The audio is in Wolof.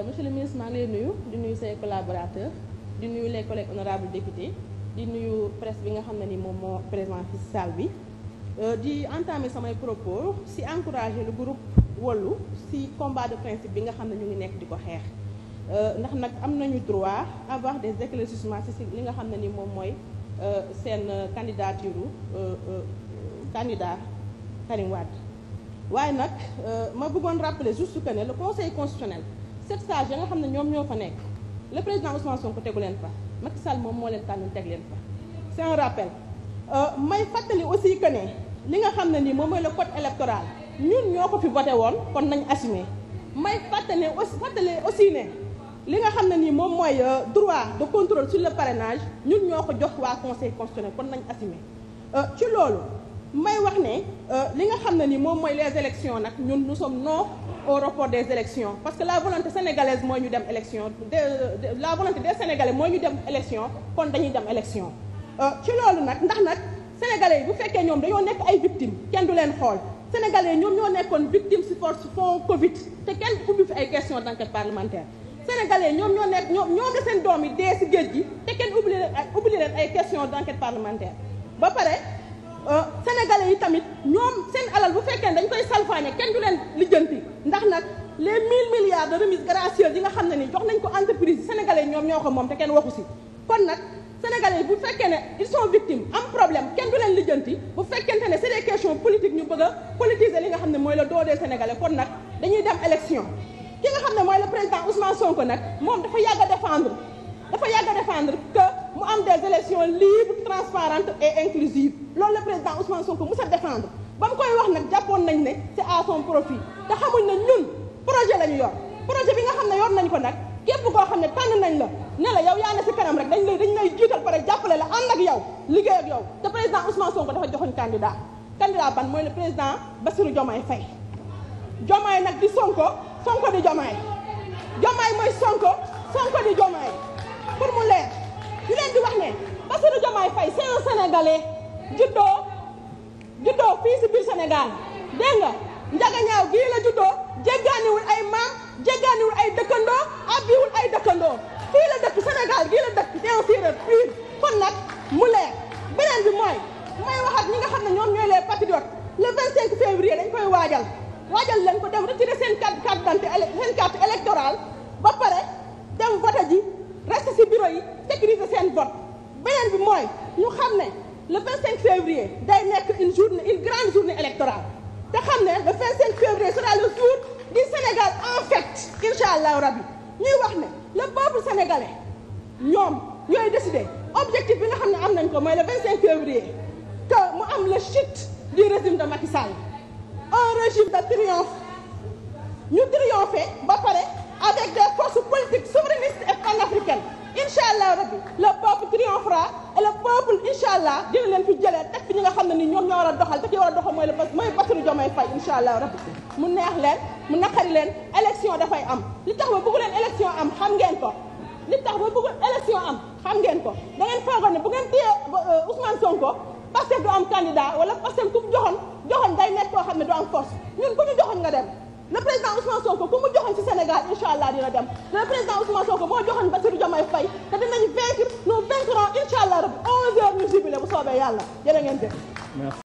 Euh, monsieur le ministre maa ngi nuyu di nuyu say collaborateurs di nuyu les collègues honorables députés di nuyu presse bi nga xam ne ni moom moo présent ci salle bi euh, di entamer samay propos si encourager le groupe Wallu si combat de principe bi nga xam ne ñu ngi nekk di ko xeex euh, ndax nag am nañu droit avoir des éclaircissements si li nga xam ne ni moom mooy seen candidature candidat Karim Wade waaye nag ma bëggoon rappeler juste que ne le conseil constitutionnel sept sages ya nga xam ne ñoom ñoo fa nekk le président Ousmane Sonko tegu leen fa Macky Sall moom moo leen tànn teg leen fa c'est un rappel euh, may fàttali aussi que ne li nga xam ne nii moom mooy le code électoral ñun ñoo ko fi voté woon kon nañ assumer may fàttali aussi fàttali aussi ne li nga xam ne nii moom mooy euh, droit de contrôle sur le parrainage ñun ñoo ko jox waa conseil constitutionnel kon nañ assumer euh, ci loolu may wax ne euh, li nga xam ne ni moom mooy les élections nag ñun nous sommes non au report des élections parce que la volonté sénégalaise mooy ñu dem élection de la volonté des sénégalais mooy ñu dem élection kon dañuy dem élection euh, ci loolu nag ndax nag sénégalais yi bu fekkee ñoom dañoo nekk ay victimes kenn du leen xool sénégalais ñoom ñoo nekkoon victime si force fond Covid te kenn ubbi fi ay questions d'enquête parlementaire sénégalais ñoom ñoo nekk ñoom ñoom la si géej gi te kenn ubbi leen ay ba pare. Euh, sénégalais yi tamit ñoom seen alal bu fekkee dañ koy salfaañe kenn du leen lijjanti ndax nag les mille milliards de remise gracieuse yi nga xam ne ni jox nañ ko entreprise sénégalais ñoom ñoo ko moom te kenn waxu si kon nag sénégalais bu fekkee ne ils sont victimes am problème kenn du leen lijjanti bu fekkente ne c'est des questions politiques ñu xam ne mooy le dos des sénégalais kon nag dañuy dem élection ki nga xam ne mooy le président Ousmane Sonko nag moom dafa yàgg a défendre dafa yàgg a défendre que mu am des élections libres transparentes et inclusives loolu la président Ousmane Sonko mu sa défendre ba mu koy wax nag jàppoon nañ ne c'est à profit te xamuñ ne ñun projet la ñu yor projet bi nga xam ne yor nañ ko nag képp koo xam ne tànn nañ la ne la yow yaa ne si kanam rek dañ lay dañ lay jiital pare jàppale la ànd ak yow liggéey ak yow te président Ousmane Sonko dafa joxoñ candidat candidat ban mooy le président Bassirou Diomaye Faye Diomaye nag di Sonko Sonko di Diomaye Diomaye mooy Sonko Sonko di Diomaye pour mu leer dalee juddoo juddoo fii si biir Sénégal dégg njagañaaw gii la juddoo jéggaaniwul ay maam jéggaaniwul ay dëkkandoo abbiwul ay dëkkandoo fii la dëkk Sénégal gii la dëkk c'est un Séeréer pur kon nag mu leer beneen bi mooy may wax ñi nga xam ne ñoom ñooy les patriotes le 25 février dañ koy waajal waajal leen ko dem retirer seen carte carte d'identité seen ba pare dem vote ji reste si bureau yi sécuriser seen vote beneen bi mooy ñu xam ne le 25 février day nekk une journée une grande journée électorale te xam ne le 25 février sera le jour du Sénégal en fête incha ñuy wax ne le peuple sénégalais ñoom ñooy décider objectif bi nga xam ne am nañ ko mooy le 25 février que mu am le chute du régime de Macky un régime de triomphe ñu triompher ba pare avec des forces politiques souverainistes et panafricaines incha allah rabbi le peuple triomphera et le peuple incha allah dina fi jëlee teg fi ñi nga xam ne ni ñoom ñoo war a doxal te ki war a doxal mooy le mooy Bassirou Diomaye Faye incha allah rabbi mu neex leen mu naqari leen élection dafay am li tax ba bëggu leen élection am xam ngeen ko li tax ba bëggu élection am xam ngeen ko da ngeen foogoon ne bu ngeen téye euh, Ousmane Sonko Pastef du am candidat wala Pastef ku joxoon joxoon day nekk koo xam ne du am force ñun ku ñu joxoon nga dem le Sénégal incha allah dina dem le président Ousmane Sonko moo joxoon Bassirou Diomaye Faye te dinañ vaincre nous vaincrons incha allah rabi 11h ñu jubilé bu soobee yàlla jërë ngeen jëf.